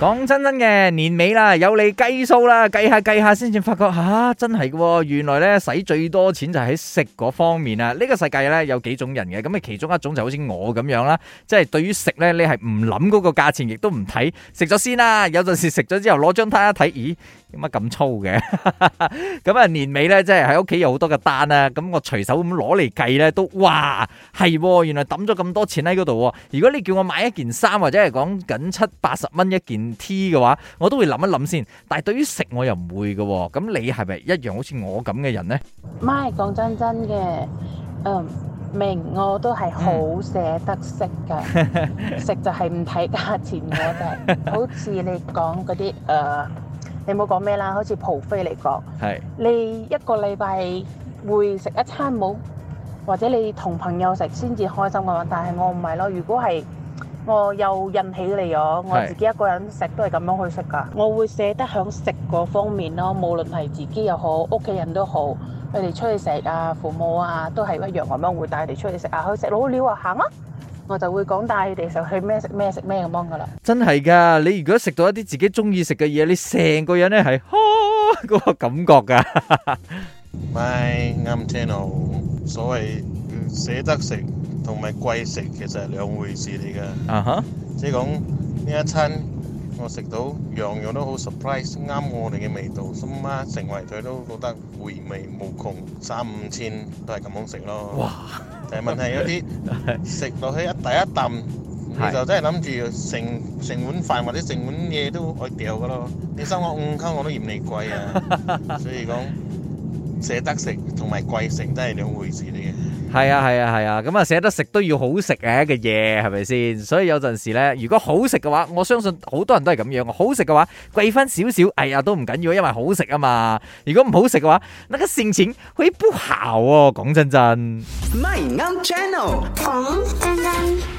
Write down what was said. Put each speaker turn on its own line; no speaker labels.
講真真嘅，年尾啦，有你計數啦，計下計下先至發覺吓、啊，真係嘅，原來咧使最多錢就喺食嗰方面啊！呢、這個世界咧有幾種人嘅，咁啊其中一種就好似我咁樣啦，即係對於食咧，你係唔諗嗰個價錢，亦都唔睇食咗先啦、啊。有陣時食咗之後攞張單一睇，咦，點解咁粗嘅？咁 啊年尾咧，即係喺屋企有好多嘅單啦，咁我隨手咁攞嚟計咧，都哇係，原來抌咗咁多錢喺嗰度。如果你叫我買一件衫，或者係講緊七八十蚊一件。T 嘅話，我都會諗一諗先。但係對於食，我又唔會嘅。咁你係咪一樣好似我咁嘅人呢？
唔係，講真真嘅，嗯，明我都係好捨得食噶。食就係唔睇價錢，我就好似你講嗰啲誒，你冇講咩啦，好似蒲飛嚟講，係是你一個禮拜會食一餐冇，或者你同朋友食先至開心嘅話，但係我唔係咯。如果係我又引起嚟咗，我自己一個人食都係咁樣去食噶。我會捨得響食嗰方面咯，無論係自己又好，屋企人都好，佢哋出去食啊，父母啊，都係一樣，我咪會帶佢哋出去食啊？去食老料啊，行啊！我就會講帶佢哋食去咩食咩食咩咁樣噶啦。
真係㗎，你如果食到一啲自己中意食嘅嘢，你成個人咧係呵嗰個感覺
㗎。咪啱聽咯，所謂。捨得食同埋貴食其實係兩回事嚟噶，即係講呢一餐我食到樣樣都好 surprise，啱我哋嘅味道，心媽食埋佢都覺得回味無窮，三五千都係咁樣食咯。哇！但係問題有啲食落去一第一啖， 就真係諗住成成碗飯或者成碗嘢都愛掉噶咯。你收我五坑我都嫌你貴啊， 所以講。捨得食同埋貴食都係兩回事嚟
嘅，係啊係啊係啊，咁啊捨、啊啊、得食都要好食嘅嘢，係咪先？所以有陣時咧，如果好食嘅話，我相信好多人都係咁樣。好食嘅話，貴翻少少，哎呀都唔緊要，因為好食啊嘛。如果唔好食嘅話，嗱、那個善錢可以不孝哦、啊。講真真。My name